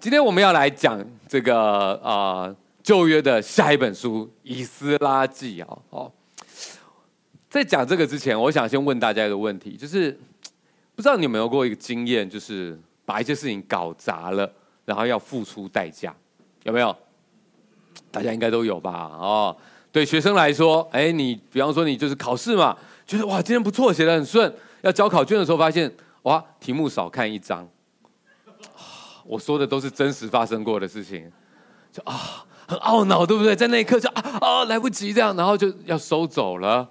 今天我們要來講這個啊、呃，舊約的下一本書《以斯拉記》啊。哦，在講這個之前，我想先問大家一個問題，就是不知道你有沒有過一個經驗，就是把一些事情搞砸了，然後要付出代價，有沒有？大家應該都有吧？哦，對學生來說，哎，你比方說你就是考試嘛，覺得哇，今天不錯，寫得很順，要交考卷的時候發現，哇，題目少看一張。我說的都是真實發生過的事情，就啊、哦、很懊惱，對不對？在那一刻就啊啊來不及這樣，然後就要收走了，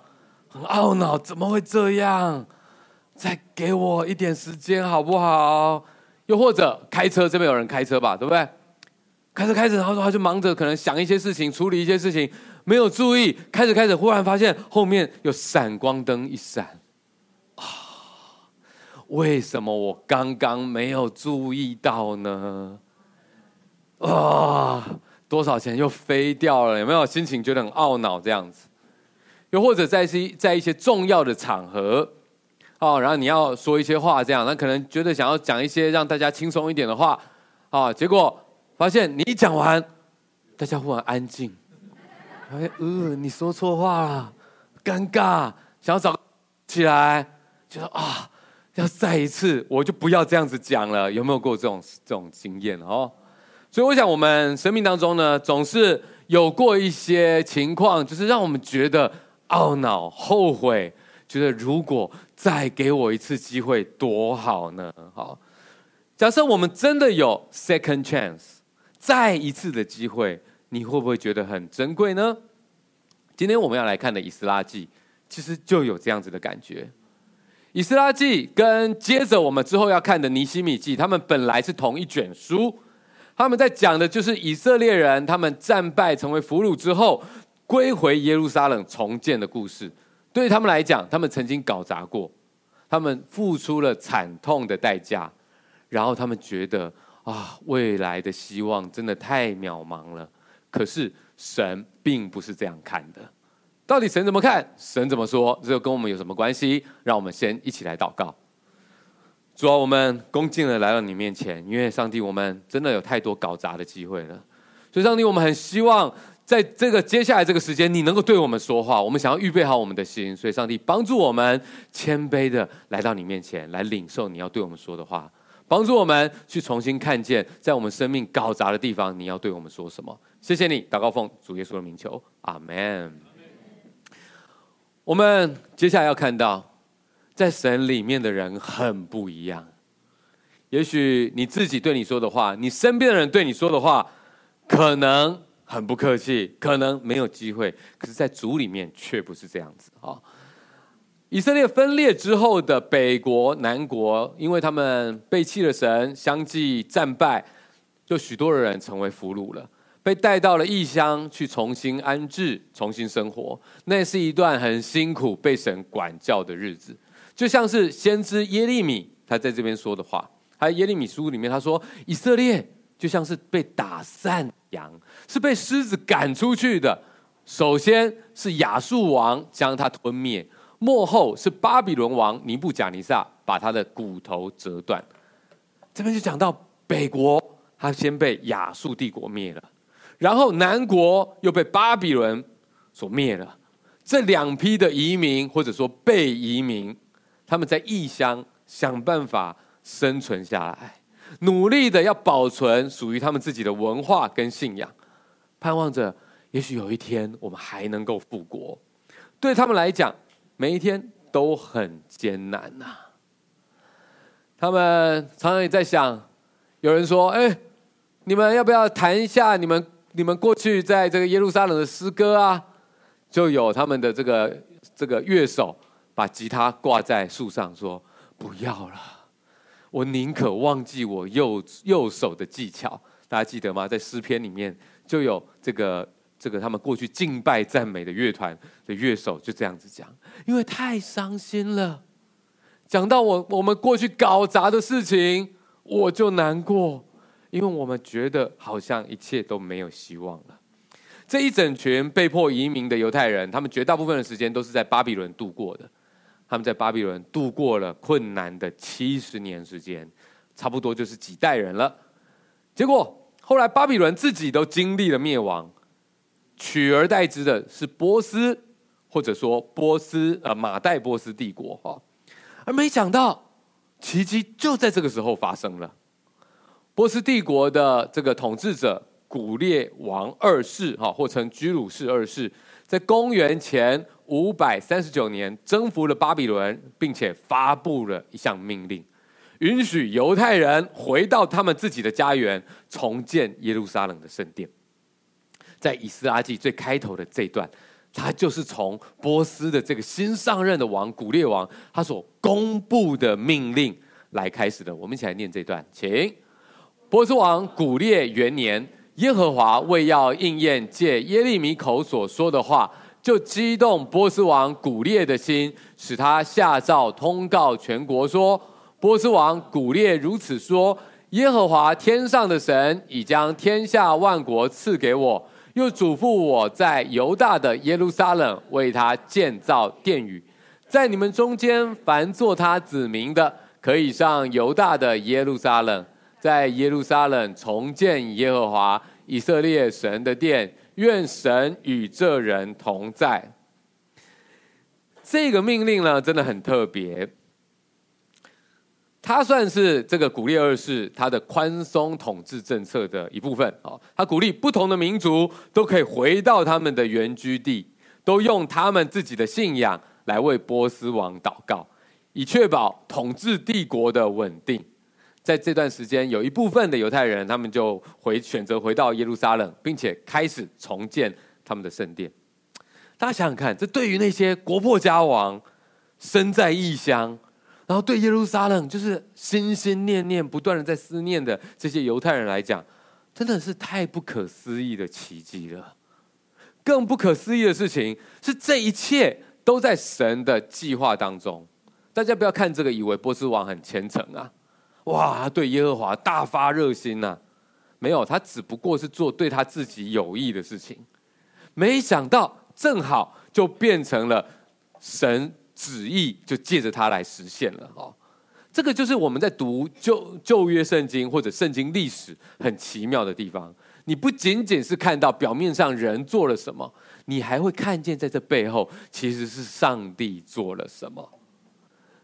很懊惱，怎麼會這樣？再給我一點時間好不好？又或者開車這邊有人開車吧，對不對？開著開著，然後他就忙着可能想一些事情，處理一些事情，沒有注意，開著開著，忽然發現後面有閃光燈一閃。為什麼我剛剛沒有注意到呢？啊，多少錢又飛掉了？有沒有心情覺得很懊惱這樣子？又或者在一些在一些重要的場合，哦、啊，然後你要說一些話這樣，那、啊、可能覺得想要講一些讓大家輕鬆一點的話，啊，結果發現你一講完，大家忽然安靜，發現、哎、呃，你說錯話了，尷尬，想要找起來，覺得啊。要再一次，我就不要這樣子講了，有沒有過這種這種經驗哦？所以我想，我們生命當中呢，總是有過一些情況，就是讓我們覺得懊惱、後悔，覺得如果再給我一次機會，多好呢？好，假設我們真的有 second chance，再一次的機會，你會不會覺得很珍貴呢？今天我們要來看的《以斯拉記》，其實就有這樣子的感覺。以斯拉記跟接着我們之後要看的尼希米記，他們本來是同一卷書，他們在講的就是以色列人，他們戰敗成為俘虜之後，歸回耶路撒冷重建的故事。對他們來講，他們曾經搞砸過，他們付出了慘痛的代價，然後他們覺得啊、哦，未來的希望真的太渺茫了。可是神並不是這樣看的。到底神怎麼看？神怎麼說？這又跟我們有什麼關係？讓我們先一起來禱告。主啊，我們恭敬的來到你面前，因為上帝，我們真的有太多搞砸的機會了。所以，上帝，我們很希望在這個接下來這個時間，你能夠對我們說話。我們想要預備好我們的心，所以上帝幫助我們謙卑的來到你面前，來領受你要對我們說的話，幫助我們去重新看見在我們生命搞砸的地方，你要對我們說什麼？謝謝你，禱告奉主耶穌的名求，阿們。我們接下來要看到，在神裡面的人很不一樣。也許你自己對你說的話，你身邊的人對你說的話，可能很不客氣，可能沒有機會。可是，在主裡面卻不是這樣子啊、哦。以色列分裂之後的北國、南國，因為他們背棄了神，相繼戰敗，就許多人成為俘虜了。被帶到了異鄉去重新安置、重新生活，那是一段很辛苦、被神管教的日子。就像是先知耶利米他在這邊說的話，還有《耶利米書》裡面他說：“以色列就像是被打散羊，是被獅子趕出去的。首先是亞述王將他吞滅，末後是巴比倫王尼布甲尼撒把他的骨頭折斷。”這邊就講到北國，他先被亞述帝國滅了。然後南國又被巴比倫所滅了。這兩批的移民，或者說被移民，他們在異鄉想辦法生存下來，努力的要保存屬於他們自己的文化跟信仰，盼望着也許有一天我們還能夠復國。對他們來講，每一天都很艱難吶、啊。他們常常也在想，有人說：“哎，你們要不要談一下你們？”你們過去在這個耶路撒冷的詩歌啊，就有他們的這個這個樂手把吉他掛在樹上，說不要了，我寧可忘記我右右手的技巧。大家記得嗎？在詩篇裡面就有這個這個他們過去敬拜讚美的樂團的樂手就這樣子講，因為太傷心了。講到我我們過去搞砸的事情，我就難過。因為我們覺得好像一切都沒有希望了。這一整群被迫移民的猶太人，他們絕大部分的時間都是在巴比倫度過的。他們在巴比倫度過了困難的七十年時間，差不多就是幾代人了。結果後來巴比倫自己都經歷了滅亡，取而代之的是波斯，或者說波斯，呃，瑪代波斯帝國哈，哦。而沒想到奇迹就在這個時候發生了。波斯帝國的這個統治者古列王二世，哈，或稱居魯士二世，在公元前五百三十九年征服了巴比倫，並且發佈了一項命令，允許猶太人回到他們自己的家園，重建耶路撒冷的聖殿。在《以斯拉記》最開頭的這一段，它就是從波斯的這個新上任的王古列王他所公布的命令來開始的。我們一起來念這段，請。波斯王古列元年，耶和華為要應驗借耶利米口所說的話，就激動波斯王古列的心，使他下詔通告全國說：“波斯王古列如此說：耶和華天上的神已將天下萬國賜給我，又囑咐我在猶大的耶路撒冷為他建造殿宇，在你們中間，凡做他子民的，可以上猶大的耶路撒冷。”在耶路撒冷重建耶和華以色列神的殿，願神與這人同在。這個命令呢，真的很特別。他算是這個古列二世他的寬鬆統治政策的一部分。哦，他鼓勵不同的民族都可以回到他們的原居地，都用他們自己的信仰來為波斯王禱告，以確保統治帝國的穩定。在這段時間，有一部分的猶太人，他們就回選擇回到耶路撒冷，並且開始重建他們的聖殿。大家想想看，這對於那些國破家亡、身在異鄉，然後對耶路撒冷就是心心念念、不斷的在思念的這些猶太人來講，真的是太不可思議的奇蹟了。更不可思議的事情是，這一切都在神的計劃當中。大家不要看這個，以為波斯王很虔誠啊。哇，他對耶和華大發熱心吶、啊，沒有，他只不過是做對他自己有益的事情。沒想到，正好就變成了神旨意，就借着他來實現了哦。這個就是我們在讀舊舊約聖經或者聖經歷史很奇妙的地方。你不僅僅是看到表面上人做了什麼，你還會看見在這背後其實是上帝做了什麼。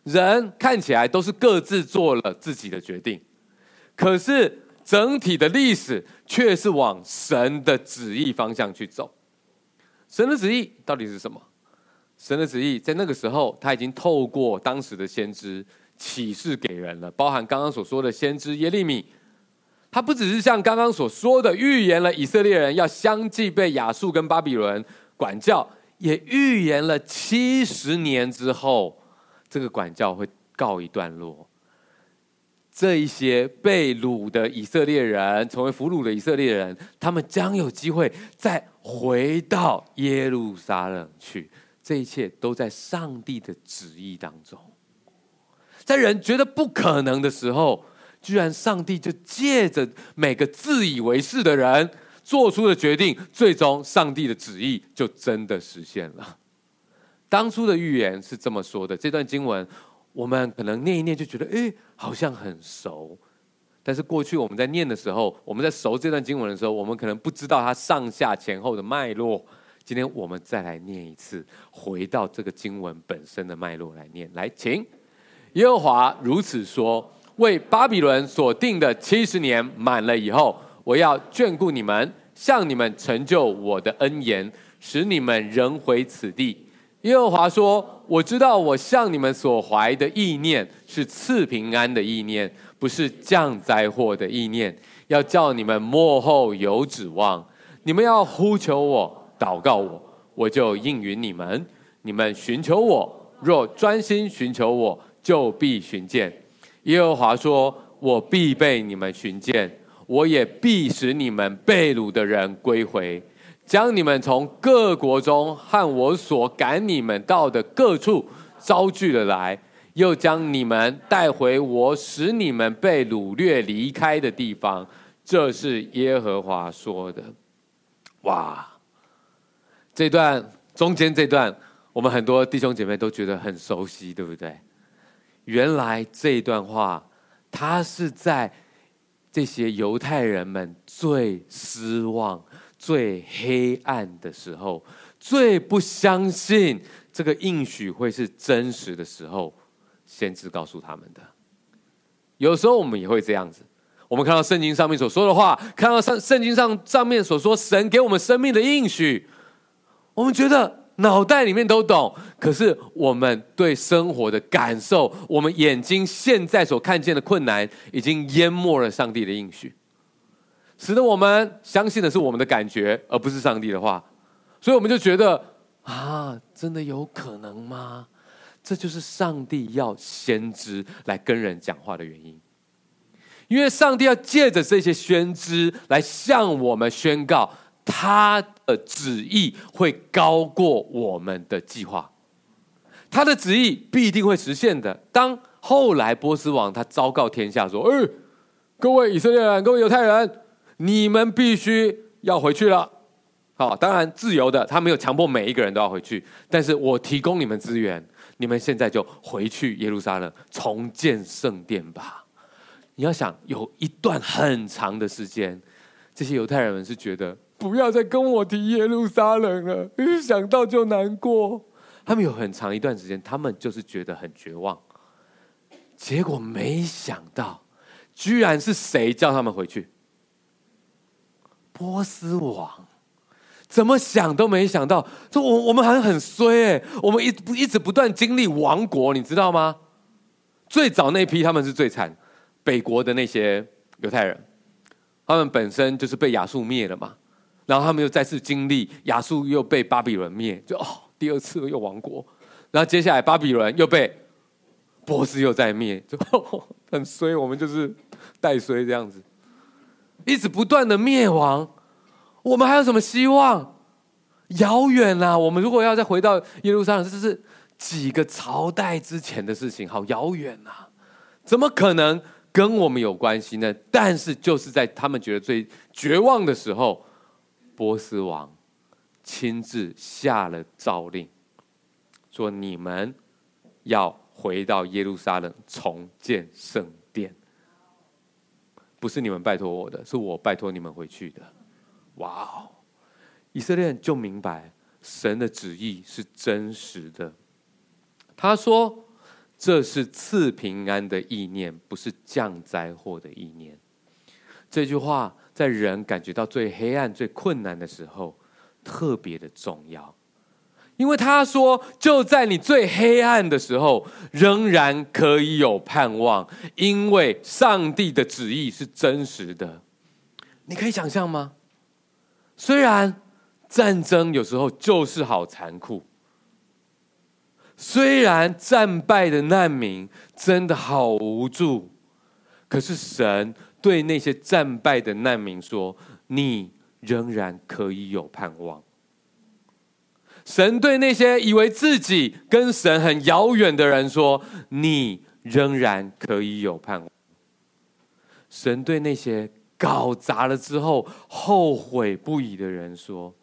人看起來都是各自做了自己的決定，可是整體的歷史卻是往神的旨意方向去走。神的旨意到底是什麼？神的旨意在那個時候，他已經透過當時的先知啟示給人了，包含剛剛所說的先知耶利米，他不只是像剛剛所說的預言了以色列人要相繼被亞述跟巴比倫管教，也預言了七十年之後。這個管教會告一段落。這一些被擄的以色列人，成為俘虜的以色列人，他們將有機會再回到耶路撒冷去。這一切都在上帝的旨意當中。在人覺得不可能的時候，居然上帝就借着每個自以為是的人做出的決定，最終上帝的旨意就真的實現了。當初的預言是這麼說的。這段經文，我們可能念一念就覺得，哎，好像很熟。但是過去我們在念的時候，我們在熟這段經文的時候，我們可能不知道它上下前後的脈絡。今天我們再來念一次，回到這個經文本身的脈絡來念。來，請耶和華如此說：為巴比倫所定的七十年滿了以後，我要眷顧你們，向你們成就我的恩言，使你們仍回此地。耶和華說：“我知道我向你們所懷的意念是賜平安的意念，不是降災禍的意念。要叫你們末後有指望，你們要呼求我、禱告我，我就應允你們。你們尋求我，若專心尋求我，就必尋見。耶和華說：我必被你們尋見，我也必使你們被擄的人歸回。”將你們從各國中和我所趕你們到的各處招聚了來，又將你們帶回我使你們被擄掠離開的地方。這是耶和華說的。哇，這段中間這段，我們很多弟兄姐妹都覺得很熟悉，對不對？原來這段話，它是在這些猶太人們最失望，最黑暗的時候，最不相信這個應許會是真實的時候，先知告訴他們的。有的時候我們也會這樣子。我們看到聖經上面所說的話，看到上聖經上上面所說神給我們生命的應許，我們覺得腦袋裡面都懂。可是我們對生活的感受，我們眼睛現在所看見的困難，已經淹沒了上帝的應許。使得我們相信的是我們的感覺，而不是上帝的話，所以我們就覺得啊，真的有可能嗎？這就是上帝要先知來跟人講話的原因，因為上帝要借着這些先知來向我們宣告他的旨意會高過我們的計劃，他的旨意必定會實現的。當後來波斯王他昭告天下說：“嗯、哎，各位以色列人，各位猶太人。”你們必須要回去了，好，當然自由的，他沒有強迫每一個人都要回去。但是我提供你們資源，你們現在就回去耶路撒冷重建聖殿吧。你要想，有一段很長的時間，這些猶太人們是覺得不要再跟我提耶路撒冷了，一想到就難過。他們有很長一段時間，他們就是覺得很絕望。結果沒想到，居然是誰叫他們回去？波斯王怎麼想都沒想到，這我我們好像很衰、欸、我們一不一直不斷經歷亡國，你知道嗎？最早那批他們是最慘，北國的那些猶太人，他們本身就是被亞述滅了嘛，然後他們又再次經歷亞述又被巴比倫滅，就哦第二次又亡國，然後接下來巴比倫又被波斯又再滅，就呵呵很衰，我們就是帶衰這樣子。一直不斷的滅亡，我們還有什麼希望？遙遠啊，我們如果要再回到耶路撒冷，這是幾個朝代之前的事情，好遙遠啊。怎麼可能跟我們有關係呢？但是，就是在他們覺得最絕望的時候，波斯王親自下了詔令，說：“你們要回到耶路撒冷，重建聖。”不是你們拜託我的，是我拜託你們回去的。哇哦！以色列人就明白神的旨意是真實的。他說：“這是賜平安的意念，不是降災禍的意念。”這句話在人感覺到最黑暗、最困難的時候，特別的重要。因為他說：“就在你最黑暗的時候，仍然可以有盼望，因為上帝的旨意是真實的。”你可以想象嗎？雖然戰爭有時候就是好殘酷，雖然戰敗的難民真的好無助，可是神對那些戰敗的難民說：“你仍然可以有盼望。”神對那些以為自己跟神很遙遠的人說：“你仍然可以有盼望。”神對那些搞砸了之後後悔不已的人說：“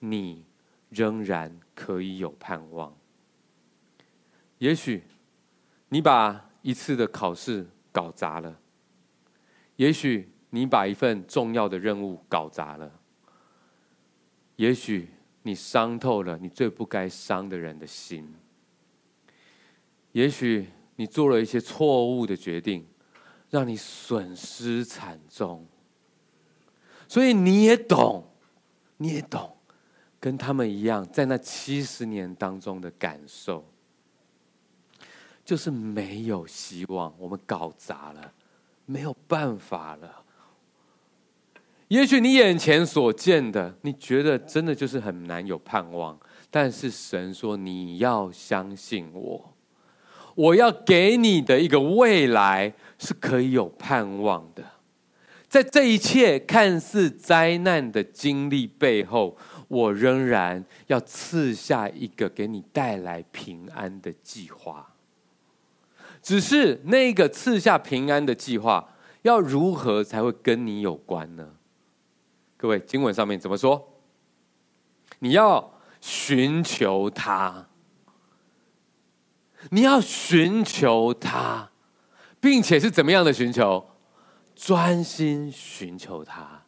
你仍然可以有盼望。”也許你把一次的考試搞砸了，也許你把一份重要的任務搞砸了，也許，也許你傷透了你最不該傷的人的心，也許你做了一些錯誤的決定，讓你損失慘重。所以你也懂，你也懂，跟他們一樣，在那七十年當中的感受，就是沒有希望，我們搞砸了，沒有辦法了。也許你眼前所見的，你覺得真的就是很難有盼望。但是神說：“你要相信我，我要給你的一個未來是可以有盼望的。在這一切看似災難的經歷背後，我仍然要賜下一個給你帶來平安的計劃。只是那個賜下平安的計劃，要如何才會跟你有關呢？”各位，經文上面怎麼說？你要尋求他，你要尋求他，並且是怎麼樣的尋求？專心尋求他。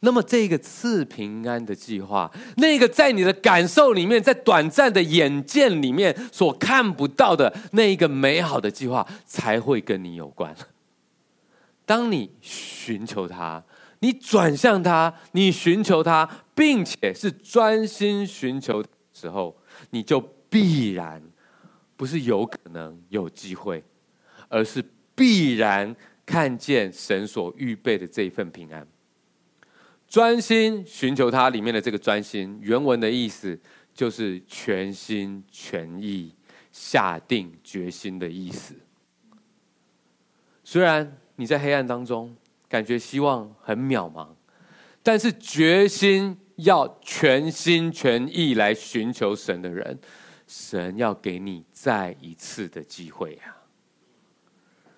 那麼，這個賜平安的計劃，那個在你的感受裡面，在短暫的眼見裡面所看不到的那一個美好的計劃，才會跟你有關。當你尋求他。你轉向他，你尋求他，並且是專心尋求的時候，你就必然不是有可能有機會，而是必然看見神所預備的這一份平安。專心尋求他裡面的這個專心，原文的意思就是全心全意、下定決心的意思。雖然你在黑暗當中。感覺希望很渺茫，但是決心要全心全意來尋求神的人，神要給你再一次的機會呀、啊！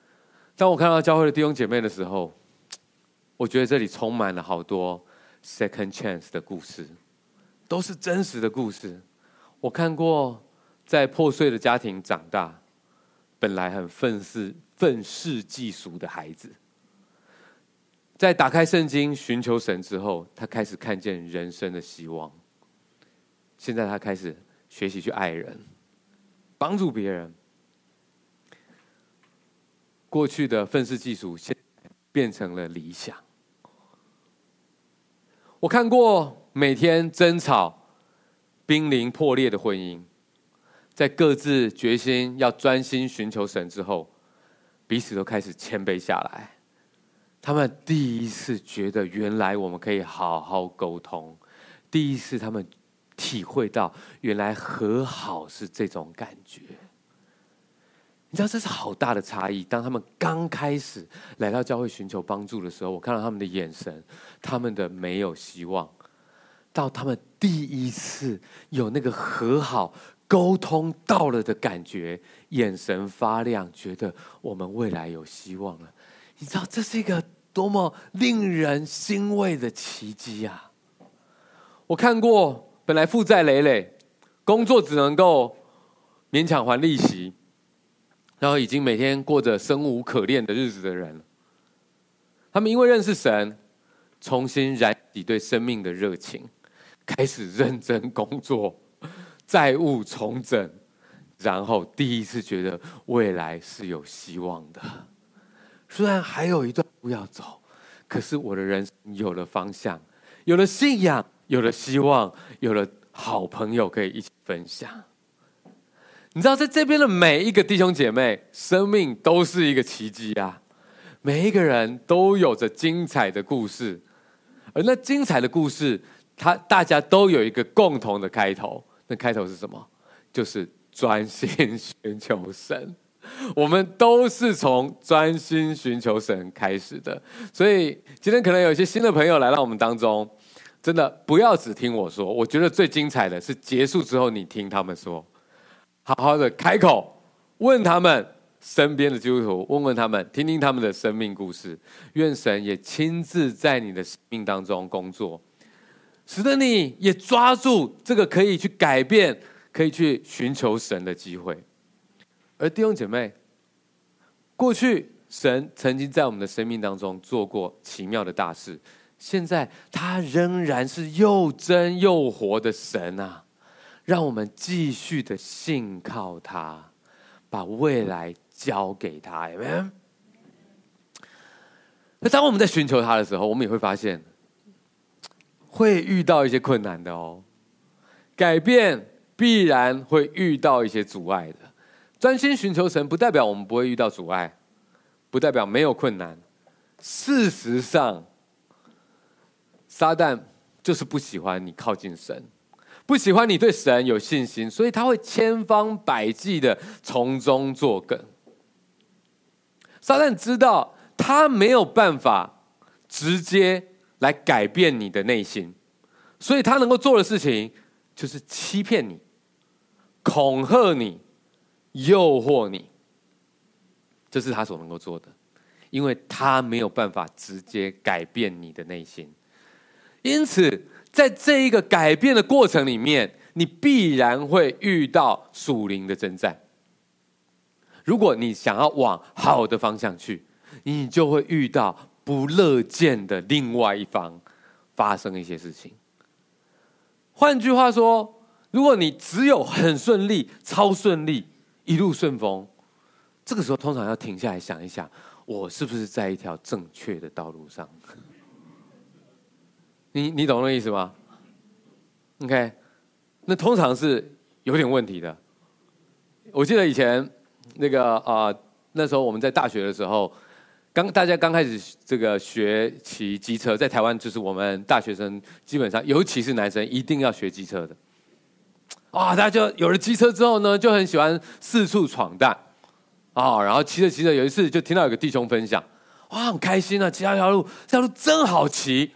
當我看到教會的弟兄姐妹的時候，我覺得這裡充滿了好多 second chance 的故事，都是真實的故事。我看過在破碎的家庭長大，本來很憤世憤世嫉俗的孩子。在打開聖經、尋求神之後，他開始看見人生的希望。現在他開始學習去愛人、幫助別人。過去的憤世嫉俗，現在變成了理想。我看過每天爭吵、瀕臨破裂的婚姻，在各自決心要專心尋求神之後，彼此都開始謙卑下來。他們第一次覺得，原來我們可以好好溝通。第一次，他們體會到原來和好是這種感覺。你知道，這是好大的差異。當他們剛開始來到教會尋求幫助的時候，我看到他們的眼神，他們的沒有希望。到他們第一次有那個和好溝通到了的感覺，眼神發亮，覺得我們未來有希望了。你知道，這是一個。多麼令人欣慰的奇蹟啊！我看過，本來負債累累，工作只能夠勉強還利息，然後已經每天過着生無可戀的日子的人，他們因為認識神，重新燃起對生命的熱情，開始認真工作，債務重整，然後第一次覺得未來是有希望的。雖然還有一段路要走，可是我的人生有了方向，有了信仰，有了希望，有了好朋友可以一起分享。你知道，在這邊的每一個弟兄姐妹，生命都是一個奇蹟啊！每一個人都有着精彩的故事，而那精彩的故事，它大家都有一個共同的開頭。那開頭是什麼？就是專心尋求神。我們都是從專心尋求神開始的，所以今天可能有一些新的朋友來到我們當中，真的不要只聽我說，我覺得最精彩的是結束之後你聽他們說，好好的開口問他們身邊的基督徒，問問他們，聽聽他們的生命故事，願神也親自在你的生命當中工作，使得你也抓住這個可以去改變、可以去尋求神的機會。而弟兄姐妹，過去神曾經在我們的生命當中做過奇妙的大事，現在他仍然是又真又活的神啊！讓我們繼續的信靠他，把未來交給他，有沒有？那當我們在尋求他的時候，我們也會發現會遇到一些困難的哦，改變必然會遇到一些阻礙的。專心尋求神，不代表我們不會遇到阻礙，不代表沒有困難。事實上，撒旦就是不喜歡你靠近神，不喜歡你對神有信心，所以他會千方百計的從中作梗。撒旦知道他沒有辦法直接來改變你的內心，所以他能夠做的事情就是欺騙你、恐嚇你。誘惑你，這是他所能夠做的，因為他沒有辦法直接改變你的內心。因此，在這一個改變的過程裡面，你必然會遇到屬靈的征戰。如果你想要往好的方向去，你就會遇到不樂見的另外一方發生一些事情。換句話說，如果你只有很順利，超順利，一路順風，這個時候通常要停下來想一想，我是不是在一條正確的道路上？你你懂那意思嗎？OK，那通常是有點問題的。我記得以前那個啊、呃，那時候我們在大學的時候，剛大家剛開始這個學騎機車，在台灣就是我們大學生基本上，尤其是男生，一定要學機車的。哇！大家、哦、就有了機車之後呢，就很喜歡四處闖蕩哦。然後騎着騎着，有一次就聽到有一個弟兄分享，哇，很開心啊！騎到一條路，這條路真好騎，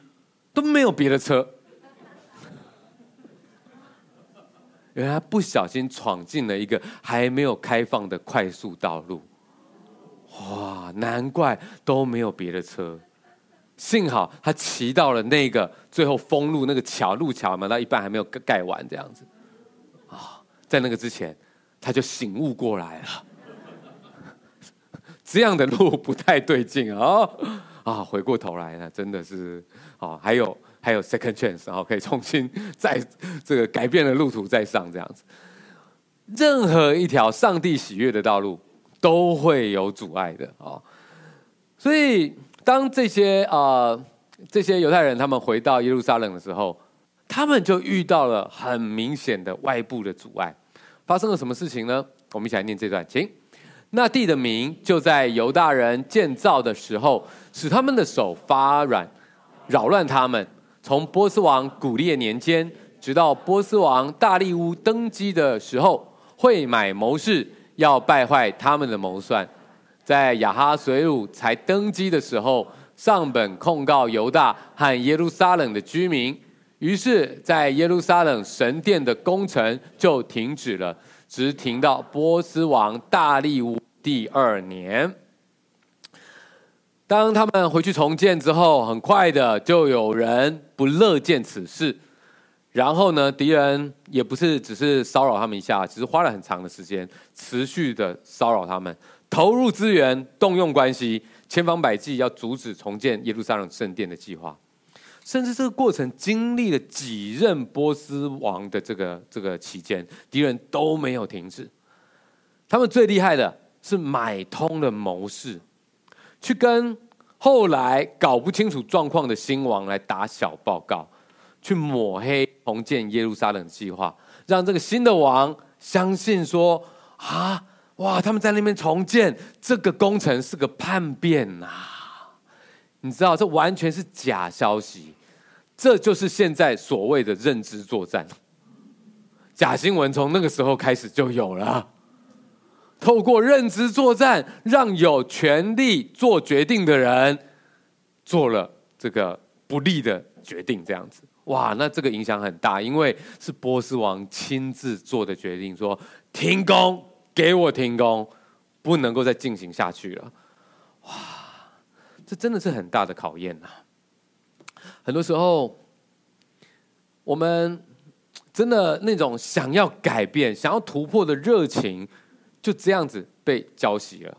都沒有別的車。原來不小心闖進了一個還沒有開放的快速道路。哇，難怪都沒有別的車。幸好他騎到了那個最後封路那個橋，路橋嘛，到一半還沒有蓋完，這樣子。在那個之前，他就醒悟過來了。 這樣的路不太對勁啊、哦！啊，回過頭來呢，真的是啊，還有還有 second chance 啊，可以重新再這個改變的路途再上這樣子。任何一條上帝喜悅的道路都會有阻礙的啊！所以，當這些啊、呃、這些猶太人他們回到耶路撒冷的時候，他們就遇到了很明顯的外部的阻礙。發生了什麼事情呢？我們一起來念這段，請。那地的民就在猶大人建造的時候，使他們的手發軟，擾亂他們。從波斯王古列年間，直到波斯王大利烏登基的時候，賄買謀士，要敗壞他們的謀算。在亞哈隨魯才登基的時候，上本控告猶大和耶路撒冷的居民。於是，在耶路撒冷神殿的工程就停止了，直停到波斯王大利烏第二年。當他們回去重建之後，很快的就有人不樂見此事。然後呢，敵人也不是只是騷擾他們一下，只是花了很長的時間，持續的騷擾他們，投入資源，動用關係，千方百計要阻止重建耶路撒冷聖殿的計劃。甚至這個過程經歷了幾任波斯王的這個這個期間，敵人都沒有停止。他們最厲害的是買通了謀士，去跟後來搞不清楚狀況的新王來打小報告，去抹黑重建耶路撒冷計劃，讓這個新的王相信說：啊，哇，他們在那邊重建這個工程是個叛變吶啊。你知道，這完全是假消息。這就是現在所謂的認知作戰。假新聞從那個時候開始就有了，透過認知作戰，讓有權力做決定的人做了這個不利的決定，這樣子。哇，那這個影響很大，因為是波斯王親自做的決定，說停工，給我停工，不能夠再進行下去了。哇。這真的是很大的考驗吶、啊！很多時候，我們真的那種想要改變、想要突破的熱情，就這樣子被澆熄了。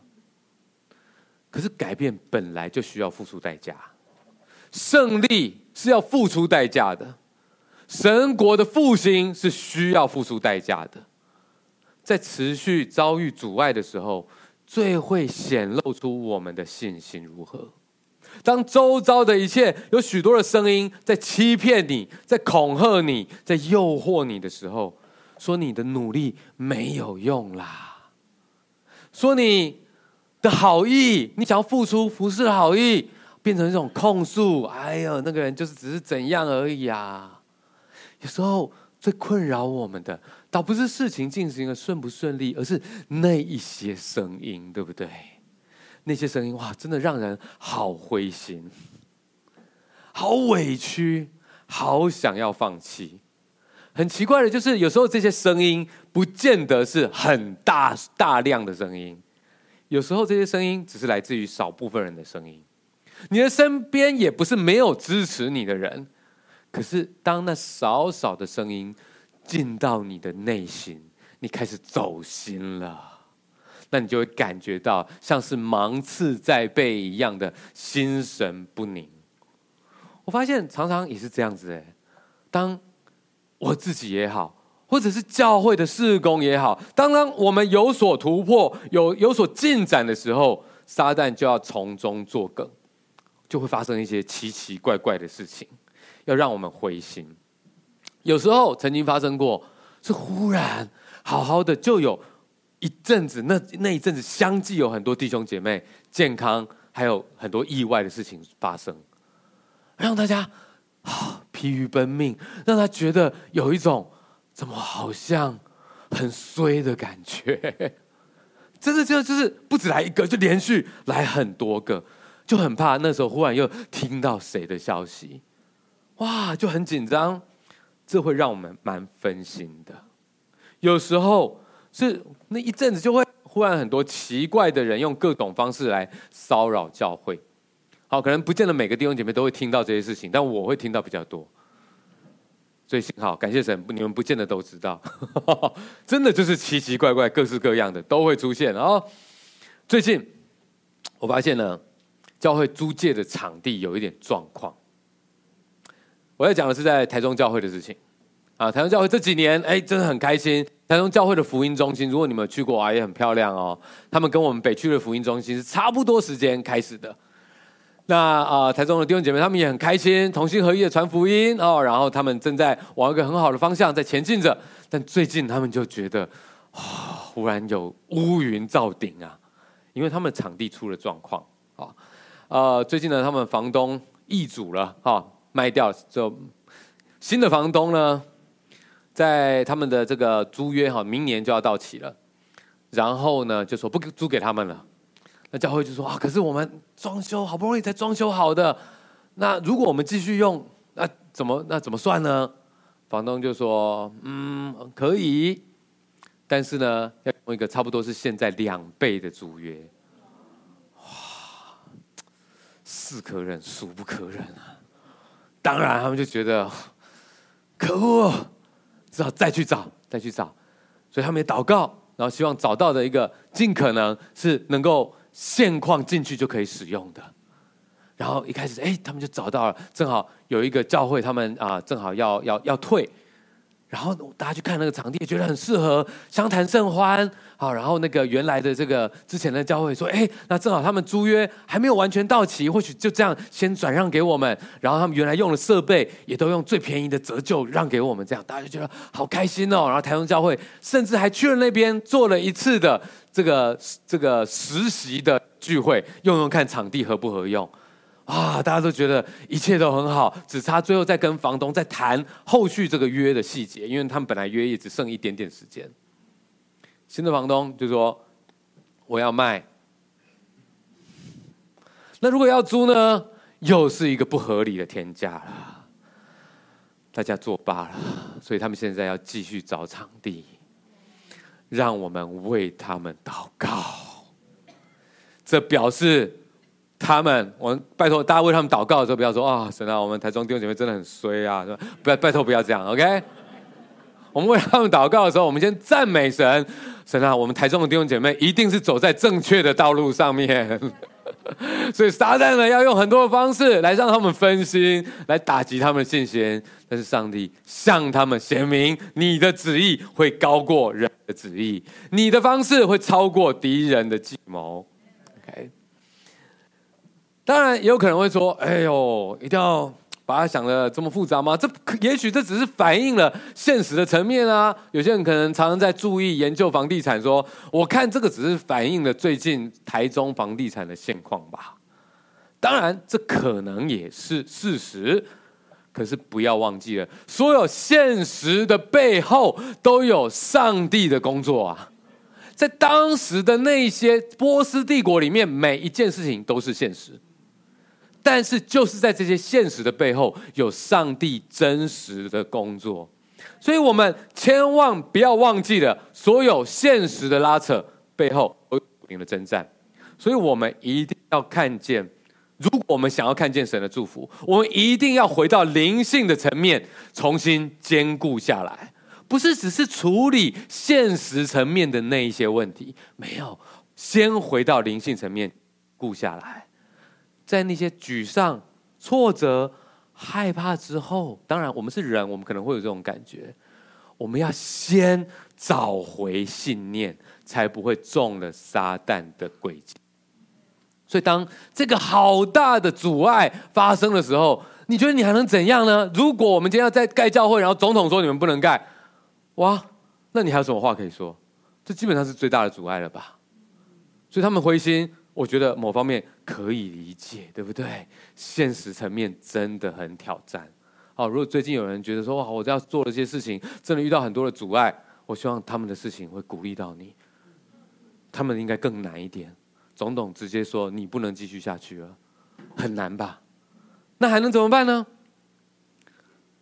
可是，改變本來就需要付出代價，勝利是要付出代價的，神國的復興是需要付出代價的。在持續遭遇阻礙的時候，最會顯露出我們的信心如何。當周遭的一切有許多的聲音在欺騙你，在恐嚇你，在誘惑你的時候，說你的努力沒有用啦，說你的好意，你想要付出服侍好意，變成一種控訴。哎呦，那個人就是只是怎樣而已啊！有時候最困擾我們的，倒不是事情進行得順不順利，而是那一些聲音，對不對？那些聲音哇，真的讓人好灰心，好委屈，好想要放棄。很奇怪的，就是有時候這些聲音不見得是很大大量的聲音，有時候這些聲音只是來自於少部分人的聲音。你的身邊也不是沒有支持你的人，可是當那少少的聲音進到你的內心，你開始走心了。那你就會感覺到像是芒刺在背一樣的心神不寧。我發現常常也是這樣子誒，當我自己也好，或者是教會的事工也好，當當我們有所突破，有有所進展的時候，撒旦就要從中作梗，就會發生一些奇奇怪怪的事情，要讓我們灰心。有時候曾經發生過，是忽然好好的就有。一陣子，那那一陣子，相繼有很多弟兄姐妹健康，還有很多意外的事情發生，讓大家啊、哦、疲於奔命，讓他覺得有一種怎麼好像很衰的感覺。 真的，就是、就是不只來一個，就連續來很多個，就很怕那時候忽然又聽到誰的消息，哇，就很緊張，這會讓我們蠻分心的，有時候。是那一陣子，就會忽然很多奇怪的人，用各種方式來騷擾教會。好，可能不見得每個弟兄姐妹都會聽到這些事情，但我會聽到比較多。所以，幸好感謝神，你們不見得都知道， 真的就是奇奇怪怪、各式各樣的都會出現。然後、哦、最近我發現呢，教會租借的場地有一點狀況。我要講的是在台中教會的事情。啊，台中教會這幾年，哎，真的很開心。台中教會的福音中心，如果你們去過啊，也很漂亮哦。他們跟我們北區的福音中心是差不多時間開始的。那啊、呃，台中的弟兄姐妹他們也很開心，同心合意的傳福音哦。然後他們正在往一個很好的方向在前進着。但最近他們就覺得，啊，哦，忽然有烏雲罩頂啊，因為他們場地出了狀況啊，哦呃。最近呢，他們房東易主了，哈，哦，賣掉，就新的房東呢。在他們的這個租約哈，明年就要到期了。然後呢，就說不租給他們了。那教會就說啊，可是我們裝修好不容易才裝修好的，那如果我們繼續用，那怎麼那怎麼算呢？房東就說，嗯，可以，但是呢，要用一個差不多是現在兩倍的租約。哇，是可忍，孰不可忍啊！當然，他們就覺得可惡。只好再去找，再去找，所以他們也禱告，然後希望找到的一個盡可能是能夠現況進去就可以使用的。然後一開始，哎，他們就找到了，正好有一個教會，他們啊、呃，正好要要要退。然後大家去看那個場地，也覺得很適合，相談甚歡。好，然後那個原來的這個之前的教會說，哎，那正好他們租約還沒有完全到期，或許就這樣先轉讓給我們。然後他們原來用的設備也都用最便宜的折舊讓給我們，這樣大家就覺得好開心哦。然後台中教會甚至還去了那邊做了一次的這個這個實習的聚會，用用看場地合不合用。啊！大家都覺得一切都很好，只差最後再跟房東再談後續這個約的細節，因為他們本來約也只剩一點點時間。新的房東就說：“我要賣。”那如果要租呢？又是一個不合理的天價了。大家作罷了，所以他們現在要繼續找場地。讓我們為他們禱告。這表示。他們，我們拜托大家為他們禱告的時候，不要說啊、哦，神啊，我們台中弟兄姐妹真的很衰啊，是吧？不要拜托，不要這樣，OK？我們為他們禱告的時候，我們先讚美神，神啊，我們台中的弟兄姐妹一定是走在正確的道路上面。所以撒旦呢，要用很多的方式來讓他們分心，來打擊他們的信心。但是上帝向他們顯明，你的旨意會高過人的旨意，你的方式會超過敵人的計謀。當然也有可能會說：“哎呦，一定要把它想得這麼複雜嗎？這也許這只是反映了現實的層面啊。有些人可能常常在注意研究房地產說，說我看這個只是反映了最近台中房地產的現況吧。當然，這可能也是事實。可是不要忘記了，所有現實的背後都有上帝的工作啊。在當時的那一些波斯帝國裡面，每一件事情都是現實。”但是，就是在這些現實的背後，有上帝真實的工作，所以我們千萬不要忘記了，所有現實的拉扯背後都有屬靈的爭戰，所以我們一定要看見，如果我們想要看見神的祝福，我們一定要回到靈性的層面，重新兼顧下來，不是只是處理現實層面的那一些問題，沒有，先回到靈性層面顧下來。在那些沮喪、挫折、害怕之後，當然我們是人，我們可能會有這種感覺。我們要先找回信念，才不會中了撒旦的詭計。所以，當這個好大的阻礙發生的時候，你覺得你還能怎樣呢？如果我們今天要再蓋教會，然後總統說你們不能蓋，哇，那你還有什麼話可以說？這基本上是最大的阻礙了吧？所以他們灰心。我覺得某方面可以理解，對不對？現實層面真的很挑戰。好、哦，如果最近有人覺得說，哇，我要做這些事情，真的遇到很多的阻礙，我希望他們的事情會鼓勵到你。他們應該更難一點。總統直接說，你不能繼續下去了，很難吧？那還能怎麼辦呢？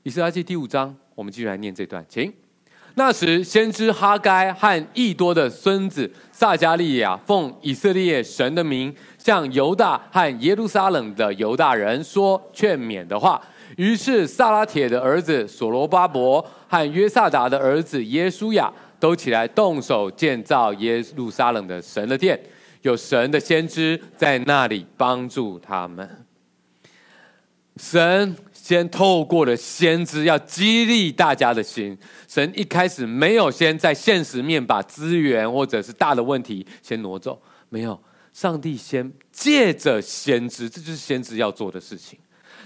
以斯拉記第五章，我們繼續來念這段，請。那時，先知哈該和易多的孫子撒迦利亞，奉以色列神的名，向猶大和耶路撒冷的猶大人說勸勉的話。於是，撒拉鐵的兒子所羅巴伯和約薩達的兒子耶書亞都起來動手建造耶路撒冷的神的殿，有神的先知在那裡幫助他們。神。先透過了先知，要激勵大家的心。神一開始沒有先在現實面把資源或者是大的問題先挪走，沒有。上帝先借着先知，這就是先知要做的事情。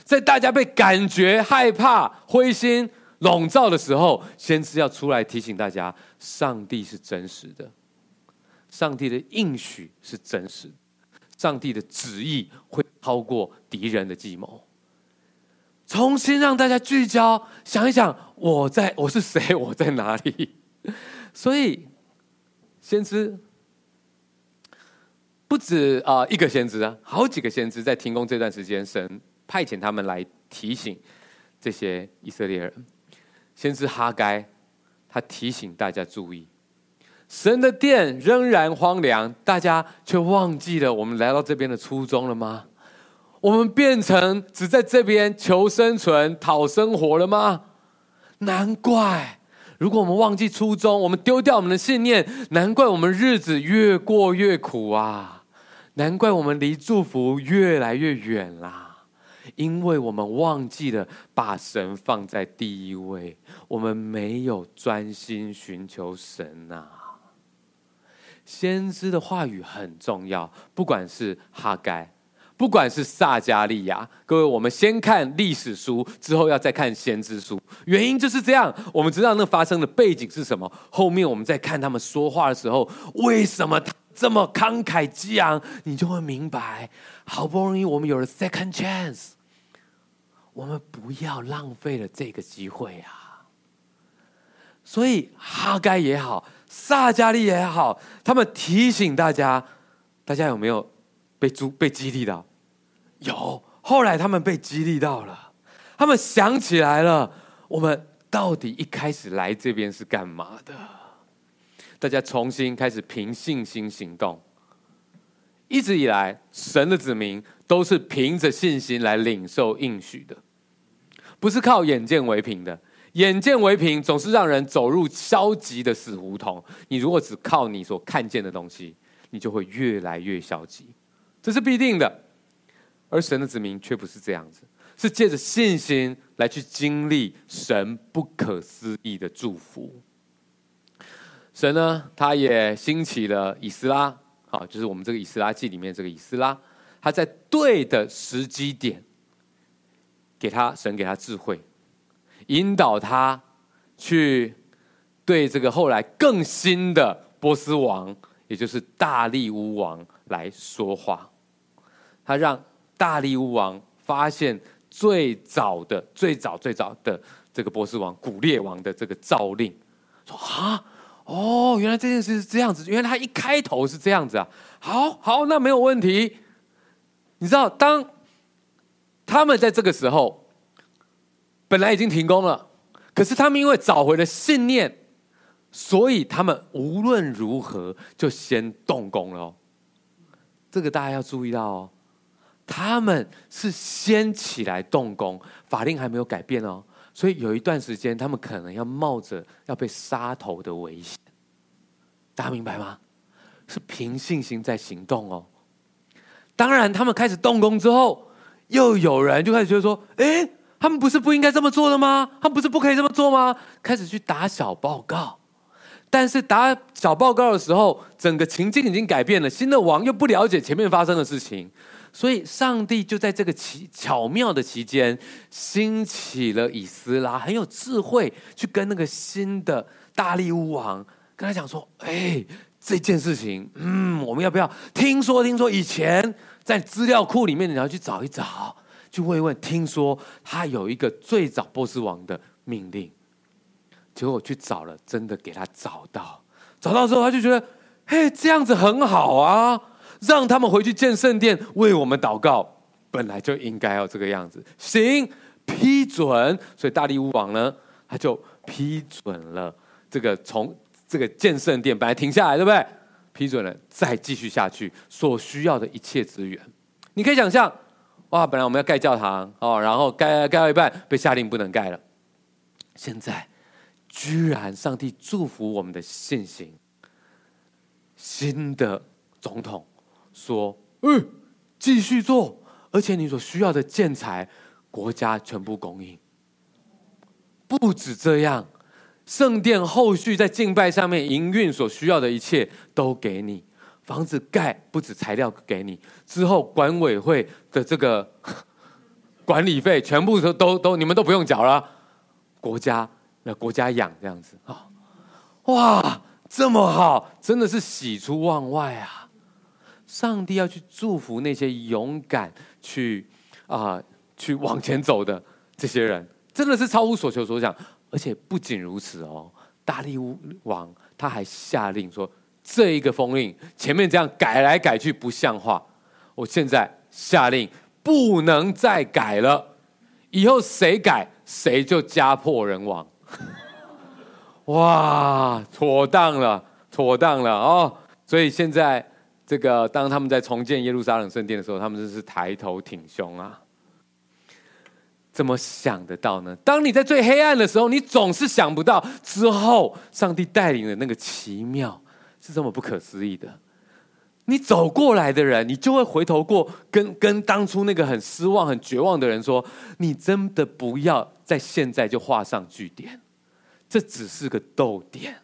在大家被感覺害怕、灰心籠罩的時候，先知要出來提醒大家：上帝是真實的，上帝的應許是真實的，上帝的旨意會超過敵人的計謀。重新讓大家聚焦，想一想，我在我是誰，我在哪裡？所以，先知不止啊、呃、一個先知啊，好幾個先知在停工這段時間，神派遣他們來提醒這些以色列人。先知哈該，他提醒大家注意：神的殿仍然荒涼，大家卻忘記了我們來到這邊的初衷了嗎？我們變成只在這邊求生存、討生活了嗎？難怪，如果我們忘記初衷，我們丟掉我們的信念，難怪我們日子越過越苦啊！難怪我們離祝福越來越遠啦！因為我們忘記了把神放在第一位，我們沒有專心尋求神吶、啊。先知的話語很重要，不管是哈該。不管是撒迦利亞啊，各位，我們先看歷史書，之後要再看先知書。原因就是這樣，我們知道那發生的背景是什麼，後面我們再看他們說話的時候，為什麼他這麼慷慨激昂，你就會明白。好不容易我們有了 second chance，我們不要浪費了這個機會啊！所以哈該也好，撒迦利也好，他們提醒大家，大家有沒有？被激被激勵到，有後來他們被激勵到了，他們想起來了，我們到底一開始來這邊是幹嘛的？大家重新開始憑信心行動。一直以來，神的子民都是憑着信心來領受應許的，不是靠眼見為憑的。眼見為憑總是讓人走入消極的死胡同。你如果只靠你所看見的東西，你就會越來越消極。這是必定的，而神的子民卻不是這樣子，是借着信心來去經歷神不可思議的祝福。神呢，他也興起了以斯拉，好，就是我們這個《以斯拉記》裡面這個以斯拉，他在對的時機點，給他神給他智慧，引導他去對這個後來更新的波斯王，也就是大利烏王來說話。他讓大利烏王發現最早的，最早，最早的這個波斯王古列王的這個詔令，說啊，哦，原來這件事是這樣子，原來他一開頭是這樣子啊。好好，那沒有問題。你知道，當他們在這個時候本來已經停工了，可是他們因為找回了信念，所以他們無論如何就先動工了哦。這個大家要注意到哦。他們是先起來動工，法令還沒有改變哦，所以有一段時間他們可能要冒着要被殺頭的危險，大家明白嗎？是憑信心在行動哦。當然，他們開始動工之後，又有人就開始覺得說：“哎，他們不是不應該這麼做的嗎？他們不是不可以這麼做嗎？”開始去打小報告，但是打小報告的時候，整個情境已經改變了，新的王又不了解前面發生的事情。所以，上帝就在這個奇巧妙的期間，興起了以斯拉，很有智慧，去跟那個新的大利烏王，跟他講說：“哎，這件事情，嗯，我們要不要？聽說，聽說，以前在資料庫裡面，你要去找一找，去問一問。聽說他有一個最早波斯王的命令，結果我去找了，真的給他找到。找到之後，他就覺得，嘿，這樣子很好啊。”讓他們回去建聖殿，為我們禱告，本來就應該要這個樣子。行，批准。所以大利烏王呢，他就批准了這個從這個建聖殿把它停下來，對不對？批准了，再繼續下去所需要的一切資源。你可以想象哇，本來我們要蓋教堂哦，然後蓋蓋一半被下令不能蓋了，現在居然上帝祝福我們的信心，新的總統說，嗯，繼續做，而且你所需要的建材，國家全部供應。不止這樣，聖殿後續在敬拜上面營運所需要的一切都給你。房子蓋不止材料給你，之後管委會的這個管理費全部都都都，你們都不用繳了，國家，那國家養這樣子啊、哦！哇，這麼好，真的是喜出望外啊！上帝要去祝福那些勇敢去啊、呃、去往前走的這些人，真的是超乎所求所想。而且不僅如此哦，大利烏王他還下令說：這一個封印前面這樣改來改去不像話，我現在下令不能再改了，以後誰改誰就家破人亡。哇，妥當了，妥當了哦。所以現在。這個，當他們在重建耶路撒冷聖殿的時候，他們就是抬頭挺胸啊！怎麼想得到呢？當你在最黑暗的時候，你總是想不到之後上帝帶領的那個奇妙是這麼不可思議的。你走過來的人，你就會回頭過跟，跟跟當初那個很失望、很絕望的人說：“你真的不要在現在就畫上句點，這只是個逗點。”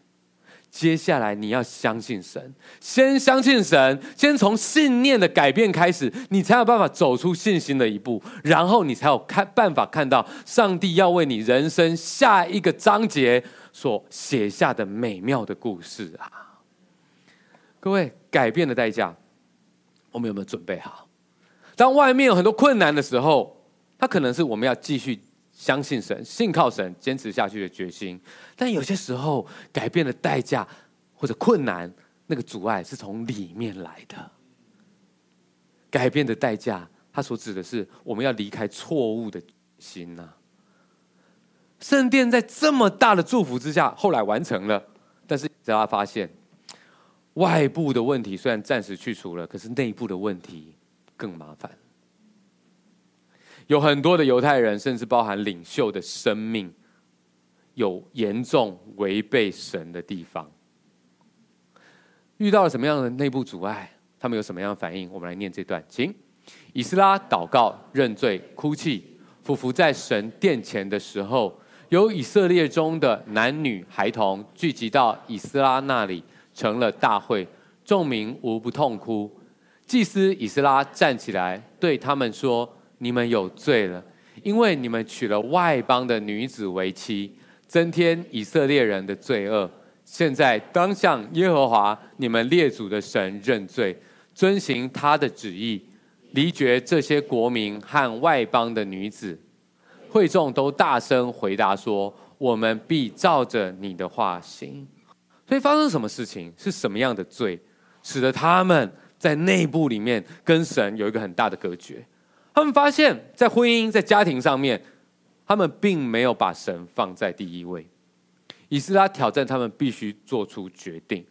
接下來你要相信神，先相信神，先從信念的改變開始，你才有辦法走出信心的一步，然後你才有看辦法看到上帝要為你人生下一個章節所寫下的美妙的故事啊。各位，改變的代價，我們有沒有準備好？當外面有很多困難的時候，它可能是我們要繼續。相信神，信靠神，堅持下去的決心。但有些時候，改變的代價或者困難，那個阻礙是從裡面來的。改變的代價，他所指的是我們要離開錯誤的心吶、啊。聖殿在這麼大的祝福之下，後來完成了，但是只要他發現外部的問題雖然暫時去除了，可是內部的問題更麻煩。有很多的猶太人，甚至包含領袖的生命，有嚴重違背神的地方。遇到了什麼樣的內部阻礙？他們有什麼樣的反應？我們來念這段，請：「以斯拉禱告、認罪、哭泣。俯伏在神殿前的時候，有以色列中的男女孩童聚集到以斯拉那裡，成了大會，眾民無不痛哭。祭司以斯拉站起來對他們說。你們有罪了，因為你們娶了外邦的女子為妻，增添以色列人的罪惡。現在當向耶和華你們列祖的神認罪，遵行他的旨意，離絕這些國民和外邦的女子。會眾都大聲回答說：“我們必照着你的話行。”所以發生什麼事情？是什麼樣的罪，使得他們在內部裡面跟神有一個很大的隔絕？他們發現，在婚姻、在家庭上面，他們並沒有把神放在第一位，以斯拉挑戰他們必須做出決定，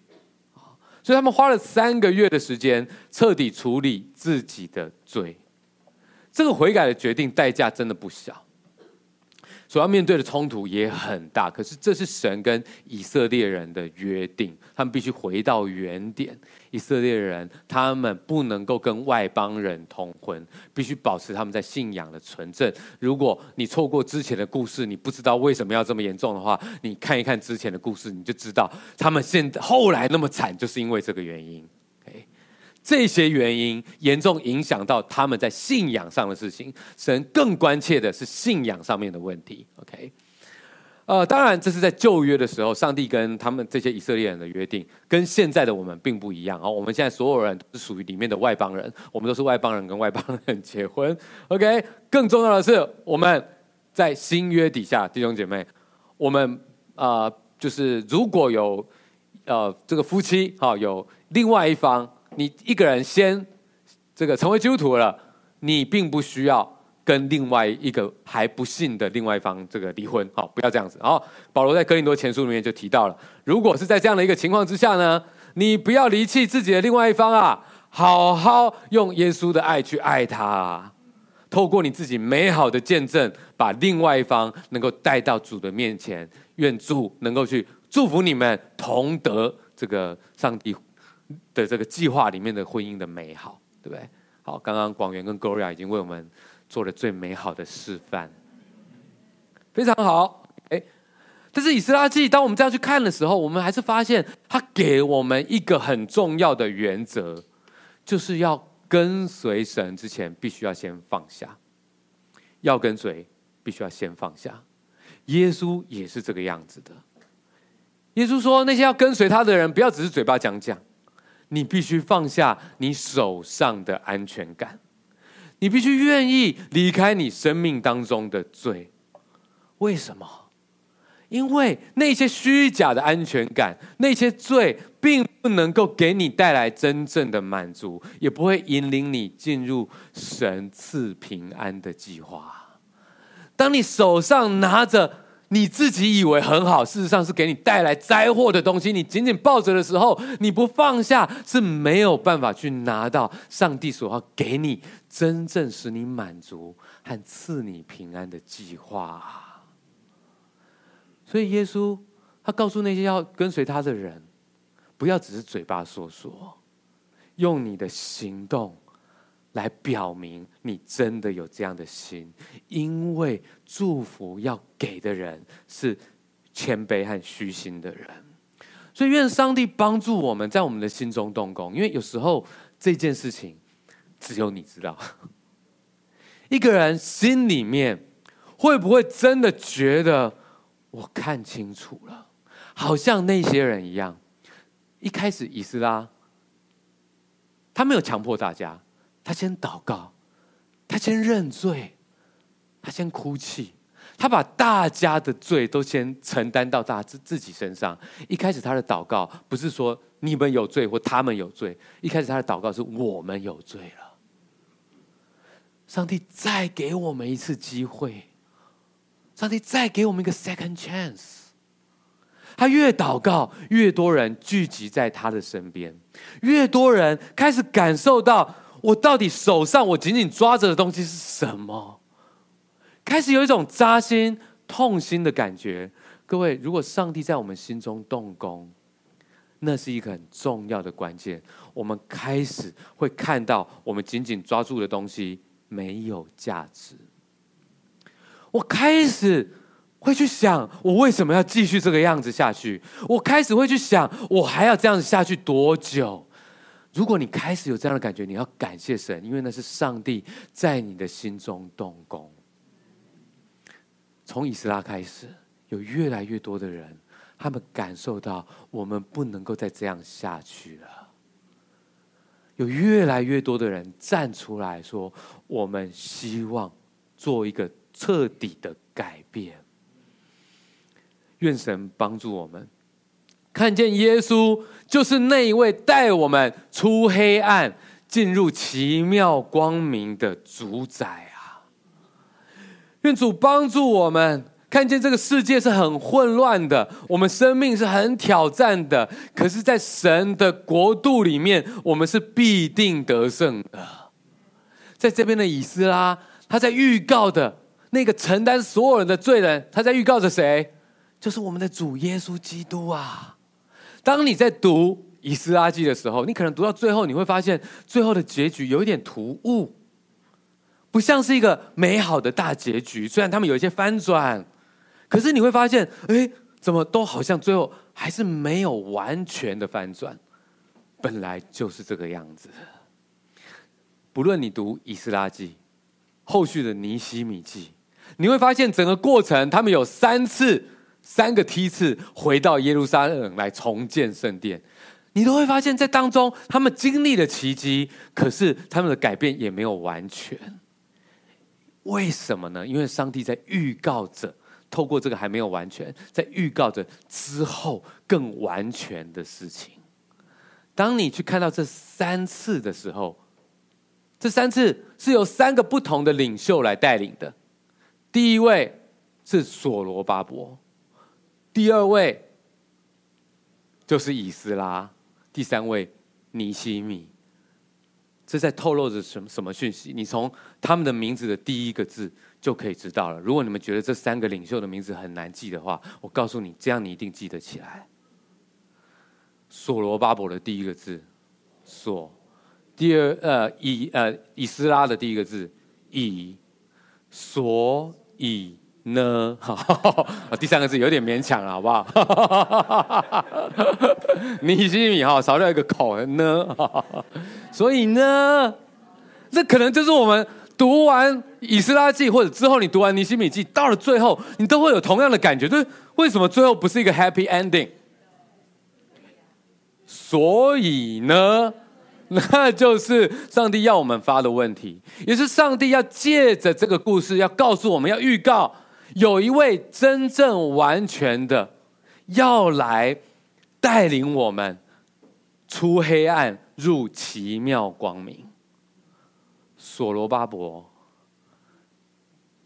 所以他們花了三個月的時間，徹底處理自己的罪。這個悔改的決定代價真的不小。所要面對的衝突也很大，可是這是神跟以色列人的約定，他們必須回到原點。以色列人，他們不能夠跟外邦人通婚，必須保持他們在信仰的純正。如果你錯過之前的故事，你不知道為什麼要這麼嚴重的話，你看一看之前的故事，你就知道他們現在後來那麼慘，就是因為這個原因。這些原因嚴重影響到他們在信仰上的事情。神更關切的是信仰上面的問題。OK，呃，當然這是在舊約的時候，上帝跟他們這些以色列人的約定，跟現在的我們並不一樣。啊、哦，我們現在所有人都是屬於裡面的外邦人，我們都是外邦人跟外邦人結婚。OK，更重要的是，我們在新約底下，弟兄姐妹，我們、呃、就是如果有呃這個夫妻哈、哦，有另外一方。你一個人先這個成為基督徒了，你並不需要跟另外一個還不信的另外一方這個離婚，好，不要這樣子。好，保羅在哥林多前書裡面就提到了，如果是在這樣的一個情況之下呢，你不要離棄自己的另外一方啊，好好用耶穌的愛去愛他，透過你自己美好的見證，把另外一方能夠帶到主的面前，願主能夠去祝福你們同得這個上帝的這個計劃裡面的婚姻的美好，對不對？好，剛剛廣源跟 Gloria 已經為我們做了最美好的示範，非常好。哎，但是以斯拉記，當我們這樣去看的時候，我們還是發現他給我們一個很重要的原則，就是要跟隨神之前，必須要先放下。要跟隨，必須要先放下。耶穌也是這個樣子的。耶穌說，那些要跟隨他的人，不要只是嘴巴講講。你必須放下你手上的安全感，你必須願意離開你生命當中的罪。為什麼？因為那些虛假的安全感，那些罪，並不能夠給你帶來真正的滿足，也不會引領你進入神賜平安的計劃。當你手上拿着，你自己以為很好，事實上是給你帶來災禍的東西。你緊緊抱着的時候，你不放下，是沒有辦法去拿到上帝所要給你真正使你滿足和賜你平安的計劃。所以耶穌他告訴那些要跟隨他的人，不要只是嘴巴說說，用你的行動。來表明你真的有這樣的心，因為祝福要給的人是謙卑和虛心的人。所以，願上帝幫助我們在我們的心中動工。因為有時候這件事情只有你知道，一個人心裡面會不會真的覺得我看清楚了，好像那些人一樣？一開始，以斯拉他沒有強迫大家。他先禱告，他先認罪，他先哭泣，他把大家的罪都先承擔到大家自自己身上。一開始他的禱告不是說你們有罪或他們有罪，一開始他的禱告是我們有罪了。上帝再給我們一次機會，上帝再給我們一個 second chance。他越禱告，越多人聚集在他的身邊，越多人開始感受到，我到底手上我緊緊抓着的東西是什麼？開始有一種扎心、痛心的感覺。各位，如果上帝在我們心中動工，那是一個很重要的關鍵。我們開始會看到，我們緊緊抓住的東西沒有價值。我開始會去想，我為什麼要繼續這個樣子下去？我開始會去想，我還要這樣子下去多久？如果你開始有這樣的感覺，你要感謝神，因為那是上帝在你的心中動工。從以斯拉開始，有越來越多的人，他們感受到我們不能夠再這樣下去了。有越來越多的人站出來說：“我們希望做一個徹底的改變。”願神幫助我們。看見耶穌就是那一位帶我們出黑暗，進入奇妙光明的主宰啊！願主幫助我們看見這個世界是很混亂的，我們生命是很挑戰的。可是，在神的國度裡面，我們是必定得勝的。在這邊的以斯拉，他在預告的，那個承擔所有人的罪人，他在預告着誰？就是我們的主耶穌基督啊！當你在讀《以斯拉記》的時候，你可能讀到最後，你會發現最後的結局有一點突兀，不像是一個美好的大結局。雖然他們有一些翻轉，可是你會發現，哎，怎麼都好像最後還是沒有完全的翻轉。本來就是這個樣子。不論你讀《以斯拉記》，後續的《尼西米記》，你會發現整個過程，他們有三次。三個梯次回到耶路撒冷來重建聖殿，你都會發現，在當中他們經歷了奇蹟，可是他們的改變也沒有完全。為什麼呢？因為上帝在預告着，透過這個還沒有完全，在預告着之後更完全的事情。當你去看到這三次的時候，這三次是由三個不同的領袖來帶領的。第一位是所羅巴伯。第二位就是以斯拉，第三位尼西米，這在透露着什麼什麼訊息？你從他們的名字的第一個字就可以知道了。如果你們覺得這三個領袖的名字很難記的話，我告訴你，這樣你一定記得起來。所羅巴伯的第一個字“所”，第二呃以呃以斯拉的第一個字“以”，所以呢， 第三個字有點勉強了，好不好？ 尼西米哈少掉一個口呢， 所以呢，這可能就是我們讀完《以斯拉記》或者之後你讀完《尼西米記》，到了最後，你都會有同樣的感覺，就是為什麼最後不是一個 happy ending？所以呢，那就是上帝要我們發的問題，也是上帝要借着這個故事要告訴我們要預告，有一位真正完全的要來帶領我們出黑暗入奇妙光明。所羅巴伯，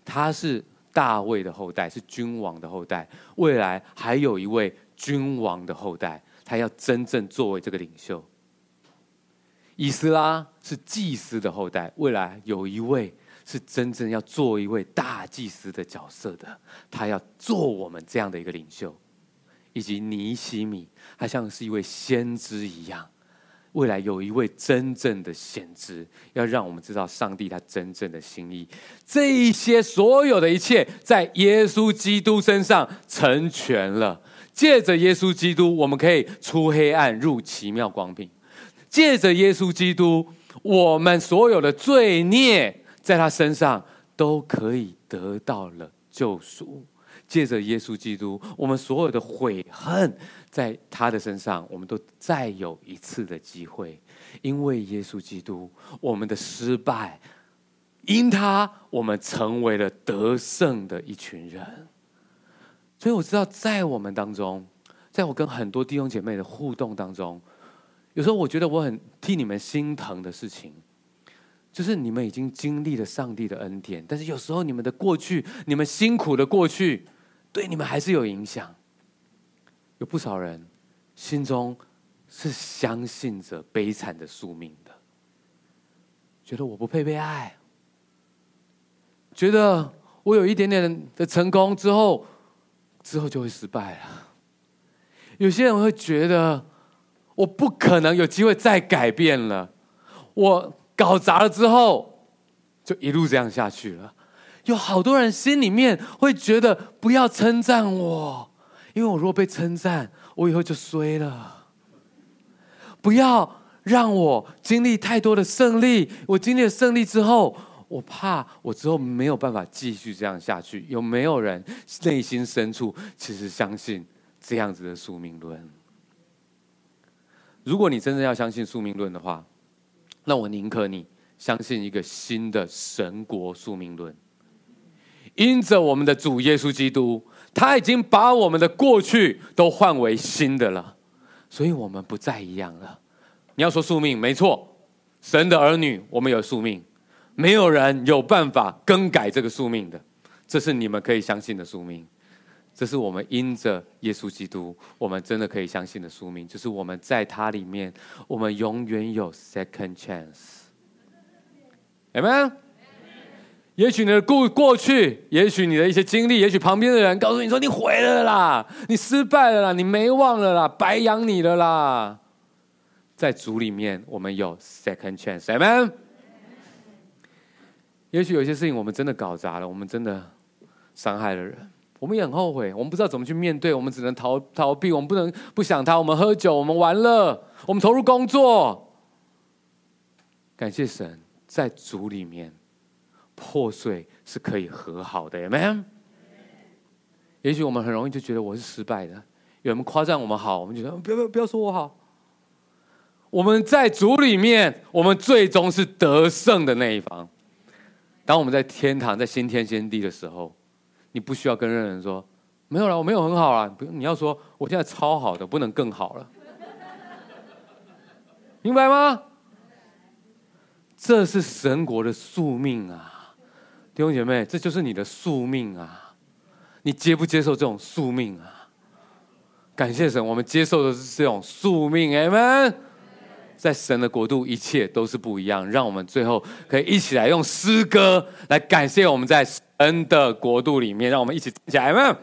他是大衛的後代，是君王的後代。未來還有一位君王的後代，他要真正作為這個領袖。以斯拉是祭司的後代，未來有一位。是真正要做一位大祭司的角色的，他要做我們這樣的一個領袖，以及尼西米，他像是一位先知一樣。未來有一位真正的先知,要讓我們知道上帝他真正的心意。這一些所有的一切，在耶穌基督身上成全了。借着耶穌基督，我們可以出黑暗入奇妙光明。借着耶穌基督，我們所有的罪孽，在他身上都可以得到了救贖，借着耶穌基督，我們所有的悔恨在他的身上，我們都再有一次的機會，因為耶穌基督，我們的失敗，因他我們成為了得勝的一群人。所以我知道，在我們當中，在我跟很多弟兄姐妹的互動當中，有時候我覺得我很替你們心疼的事情。就是你們已經經歷了上帝的恩典，但是有時候你們的過去，你們辛苦的過去，對你們還是有影響。有不少人心中是相信着悲慘的宿命的，覺得我不配被愛，覺得我有一點點的成功之後，之後就會失敗了。有些人會覺得我不可能有機會再改變了，我。搞砸了之後，就一路這樣下去了。有好多人心裡面會覺得，不要稱讚我，因為我如果被稱讚，我以後就衰了。不要讓我經歷太多的勝利，我經歷了勝利之後，我怕我之後沒有辦法繼續這樣下去。有沒有人內心深處其實相信這樣子的宿命論？如果你真的要相信宿命論的話。那我寧可你相信一個新的神國宿命論，因着我們的主耶穌基督，他已經把我們的過去都換為新的了，所以我們不再一樣了。你要說宿命，沒錯，神的兒女，我們有宿命，沒有人有辦法更改這個宿命的，這是你們可以相信的宿命。這是我們因着耶穌基督，我們真的可以相信的宿命，就是我們在他裡面，我們永遠有 second chance。Amen, Amen。也許你的故過去，也許你的一些經歷，也許旁邊的人告訴你說你毀了啦，你失敗了啦，你沒望了啦，白養你了啦。在主裡面，我們有 second chance。Amen, Amen。也許有些事情我們真的搞砸了，我們真的傷害了人。我們也很後悔，我們不知道怎麼去面對，我們只能逃逃避，我們不能不想他，我們喝酒，我們玩樂，我們投入工作。感謝神，在主裡面破碎是可以和好的，Amen。也許我們很容易就覺得我是失敗的，有人誇讚我們好，我們就說不要不要不要說我好。我們在主裡面，我們最終是得勝的那一方。當我們在天堂，在新天新地的時候。你不需要跟任何人說，沒有了，我沒有很好了。你要說我現在超好的，不能更好了，明白嗎？這是神國的宿命啊，弟兄姐妹，這就是你的宿命啊，你接不接受這種宿命啊？感謝神，我們接受的是這種宿命，阿門。在神的國度，一切都是不一樣。讓我們最後可以一起來用詩歌來感謝我們在神的國度裡面。讓我們一起站起來，